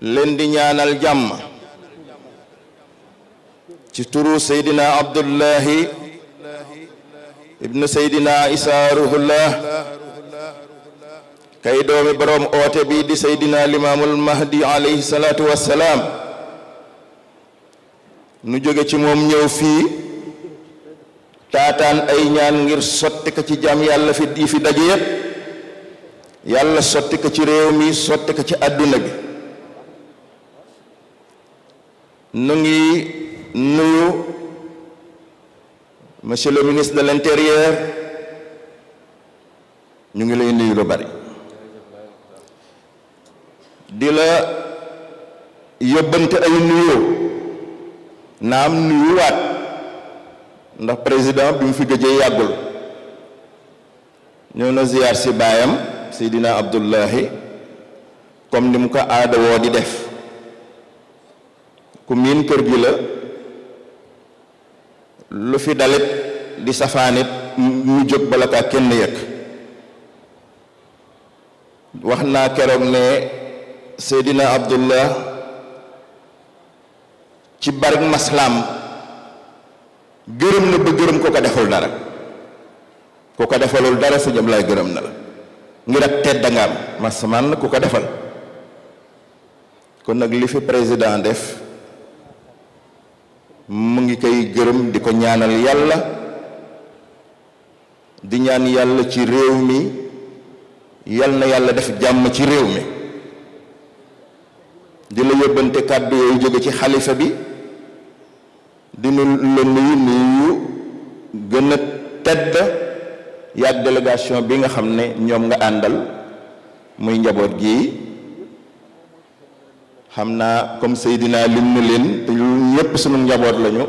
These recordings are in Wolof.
leen di ñaanal jàmm ci turu seydina abdullahi ibnu seydina isaa ruhullah kay doomi boroom oote bi di seydina limaamul mahdi alayhi salaatu wassalaam nu jóge ci moom ñëw fii taataan ay ñaan ngir sotti ko ci jam yalla fi di fi dajje yeb yalla sotti ko ci rew mi sotti ko ci aduna bi nu ngi nuyu monsieur le ministre de l'intérieur ñu ngi lay nuyu lu bari di la yobante ay nuyu naam ndax président bi mu fi gëjee yàggul ñëw na ziyaar si baayam Seydina Abdullahi comme ni mu ko aada woo di def ku miin kër gi la lu fi dalit di safaanit mu jóg bala kaa kenn yëg wax naa keroog ne Seydina Abdullah ci barik maslaam gërëm na ba gërëm ko ko defal dara ko ko defalul dara sa jëm lay gërëm na la ngir ak da nga am masamaan la ko defal kon nak li fi président def mu ngi kay gërëm di ñaanal yalla di ñaan yalla ci réew mi yalla na yalla def jamm ci réew mi di la yobante kaddu yooyu joge ci khalifa bi dina la nuyu nuyu gën a tedd yaag délégation bi nga xam ne ñoom nga àndal muy njaboot gii xam naa comme Seydina lim nu leen te ñun ñëpp sunu njaboot lañu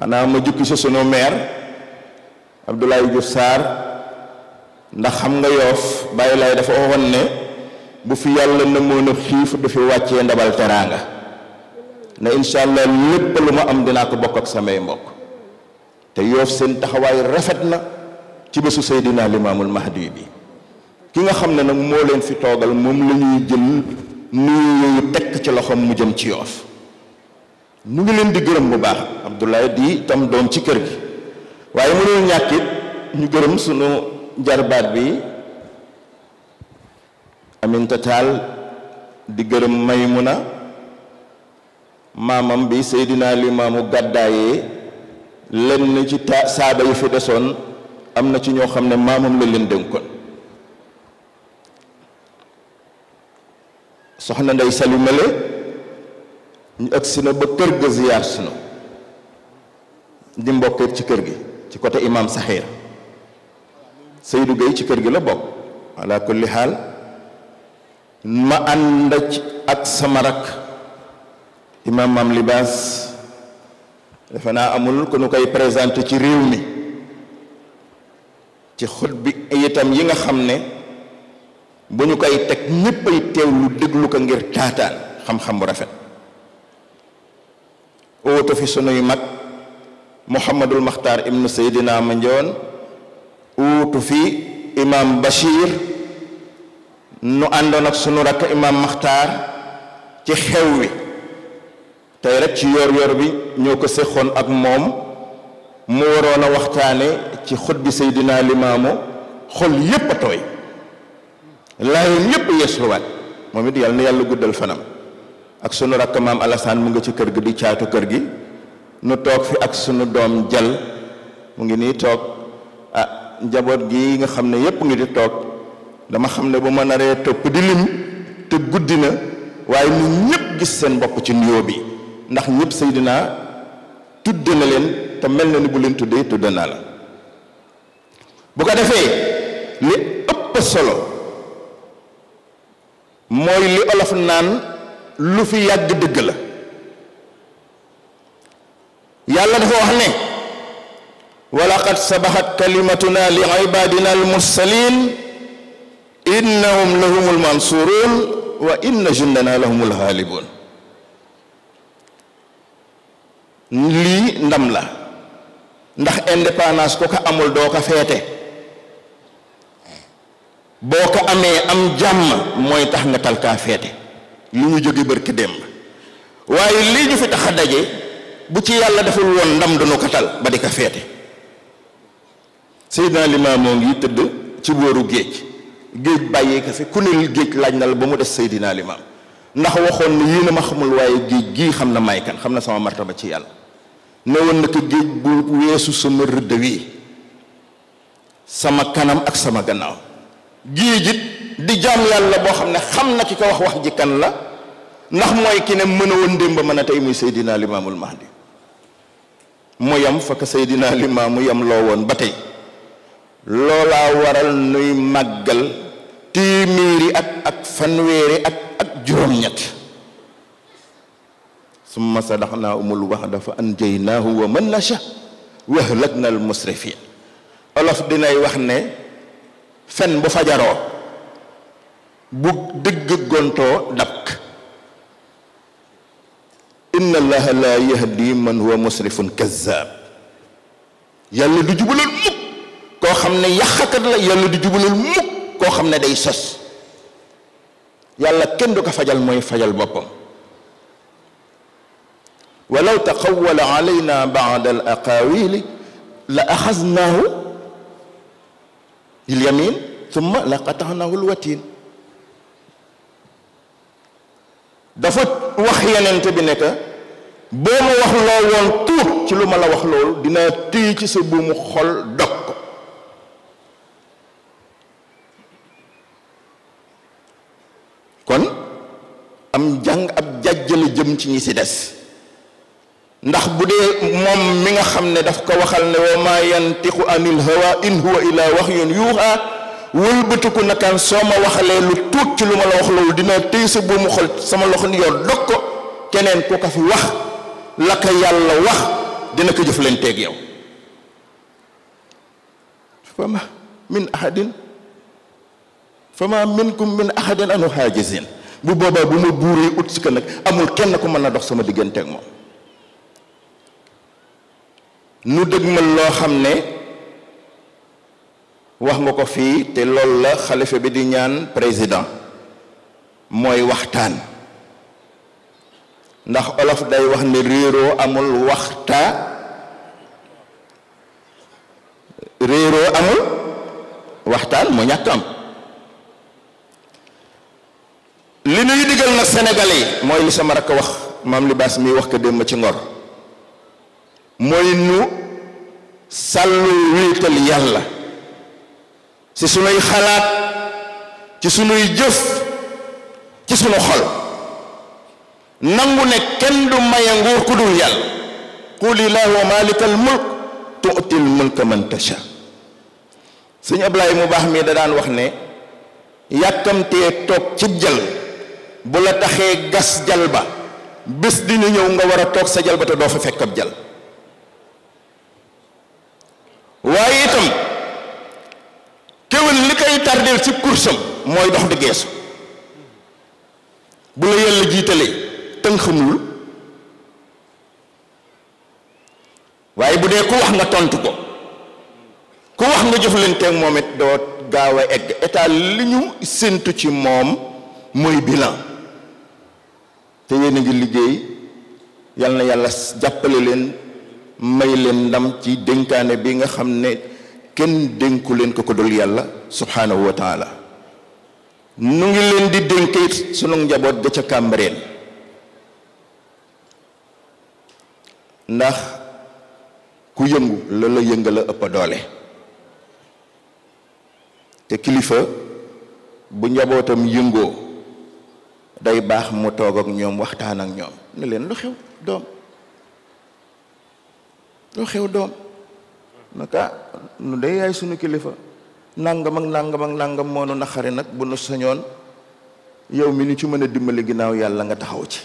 xanaa ma jukki si sunu maire Abdoulaye Diouf Sarr ndax xam nga yoof bàyyi laay dafa waxoon ne bu fi yàlla na moon a xiif du fi wàccee ndabal teraanga ne incha allah lépp lu ma am dinaa ko bokk ak samay mbokk te yoof seen taxawaay rafet na ci bésu Seydina Limaamul Mahdi bi ki nga xam ne nag moo leen fi toogal moom la ñuy jël nuyu ci loxoom mu jëm ci yoof ñu ngi leen di gërëm bu baax Abdoulaye di tam doom ci kër gi waaye mënul ñàkkit ñu gërëm sunu jarbaat bi Aminta Taal di gërëm may Maymuna maamam bi Seydina Limaamu gàddaayee lenn ci ta saaba yi fi desoon am na ci ñoo xam ne maamam la leen dénkoon soxna ndey salimale ñu agsi na ba kër ga ziyaar sunu di mbokkeet ci kër gi ci côté imam saxiir Seydou Gueye ci kër gi la bokk ala kulli xaal ma ànd ak sama rak imam Mam Libaas defe naa amul ku nu koy présenté ci réew mi ci xut bi itam yi nga xam ne bu ñu koy teg ñépp ay teewlu déglu ko ngir taataan xam-xam bu rafet uutu fi sunuy mag Muhammadul Maxtaar ibnu Seydina Mandione uutu fi imam Bachir nu àndoon ak sunu rakk imam Maxtaar ci xew wi tey rek ci yor-yor bi ñoo ko séqoon ak moom mu waroon a waxtaane ci xut bi Seydina Limaamu xol yépp a tooy laayeen yépp moom it yàlla na yàlla guddal fanam ak sunu rakk mu ci kër gi di caatu kër gi nu toog fi ak sunu doom jal mu ngi nii toog ah njaboot gi nga xam ne yépp ngi di toog dama xam ne bu a naree topp di lim te guddi na waaye ñun ñépp gis seen bopp ci nuyoo bi ndax ñëpp sayidina tudde na len te mel ni bu len tudde tudde na la bu ko defé li ëpp solo moy li olof naan lu fi yàgg deug la yàlla dafa wax ne ولقد سبحت كلمتنا لعبادنا المرسلين إنهم لهم المنصورون وإن mansurun لهم الغالبون li ndam la ndax indépendance ko ko amul do ko feete boko amé am jam moy tax nga tal kaa feete li ñu joggé bërki dem waye li ñu fi tax dajé bu ci yalla deful won ndam do no ko tal ba di ko sayyidna limam mo ngi tëdd ci booru geej geej bàyyee ka fi ku ne geej laaj nal ba mu def sayyidna limam ndax waxon ni yina ma xamul waye geej gi xamna may kan xamna sama martaba ci yalla newoon na ko géej bu weesu sama rëdd wi sama kanam ak sama gannaaw géej it di jaam yàlla boo xam ne xam na ki ko wax wax ji la ndax mooy ki ne mën a woon démb man a tey muy Seydina Limaamul Mahdi mu yam fakk Seydina Limaamu yam loo woon ba tey loolaa waral nuy màggal téeméeri ak ak fanweeri at ak juróom-ñett summa sadaxnaa umul wax dafa anjaynaahu wa man nasha wa ahlakna al olof dinay wax ne fen bu fajaroo bu dëgg gontoo dabk inna allaha laa yahdi man huwa musrifun kazzab yàlla du jubalal mukk koo xam ne yàqakat la yàlla du jubalal mukk koo xam ne day sos yàlla kenn du ko fajal mooy fajal boppam ولو تقول علينا بعد الأقاويل لأخذناه اليمين ثم لقطعناه الوتين دفت وخيان انت بنتا بوم وخلو وان توت تلو ملا وخلو دينا تيج سبوم خل دك كون ام جنگ اب جاجل جمتيني سيدس سيدس ndax budé mom mi nga xamné daf ko waxal ne wama yantiqu anil hawa in huwa ila wahyun yuha wëlbatiku nakaan soo ma waxalee lu tuut ci luma la wax loolu dina tëy sa mu xol sama loxo ni yow dog ko keneen ku ko fi wax la ka yàlla wax dina ko jëflenté ak yow fama min ahadin fama minkum min ahadin anu hajizin bu boba bu mu buuree ut ci ko amul kenn ko meuna dox sama digënté ak mom nu deugmal lo xamne wax nga ko fi te lol la xalifa bi di ñaan president moy waxtaan ndax olof day wax ne rero amul waxta rero amul waxtaan mo ñàkk li ñuy digal nak Sénégalais moy li sama rak wax mam libas mi wax ke dem ci ngor moy nu sallu wital yalla ci sunuy xalaat ci sunuy jëf ci sunu xol nangu ne kenn du maye nguur ku dul yàlla qul lahu malikal mulk al mulka man tasha ablaye mu bax mi da daan wax ne tok ci bu la taxé gas jalba, bis di dina nga wara tok sa jal ba te do fa fekk ab waaye itam kéwél li koy tardeel ci kursam mooy dox di geesu bu la yàlla jiitalee tënxamul waaye bu dee ku wax nga tontu ko ku wax nga jëflante ak moom it doo gaaw a egg état li ñu séntu ci moom mooy bilan te yéen ngi liggéey yal na yàlla jàppale leen may leen ndam ci dénkaane bi nga xam ne kenn dénku leen ko ko dul yàlla subhaanahu wa nu ngi leen di dénk it sunu njaboot ga ca Cambérène ndax ku yëngu la la yëngala ëpp doole te kilifa bu njabootam yëngoo day baax mu toog ak ñoom waxtaan ak ñoom ne leen lu xew doom xew doom naka nu kilifa nangam ak nangam nangam moo nu nag bu yow mi nu ci mën a dimbali ginnaaw yàlla nga taxaw ci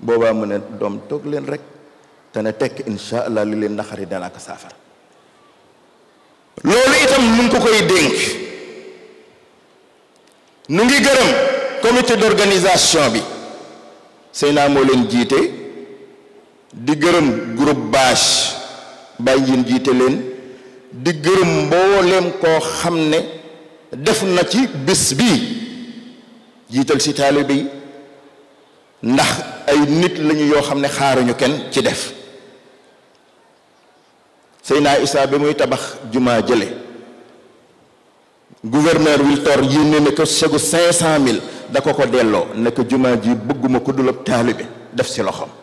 boobaa mu ne doom toog leen rek te ne li leen naqari danaa ko saafara loolu itam nu ngi ko koy dénk nu ngi gërëm comité d'organisation bi sëy naa moo leen jiite di gërëm groupe bâche bàyyi yéen jiite leen di gërëm mbooleem koo xam ne def na ci bis bi jiital si taalibe yi ndax ay nit lañu yoo xam ne xaaruñu kenn ci def Seydina Issa bi muy tabax jumaa jële gouverneur Wiltor yéene ne ko segu cinq cent mille da ko ko delloo ne jumaa ji bëgguma ko dul ab taalibe def ci loxoom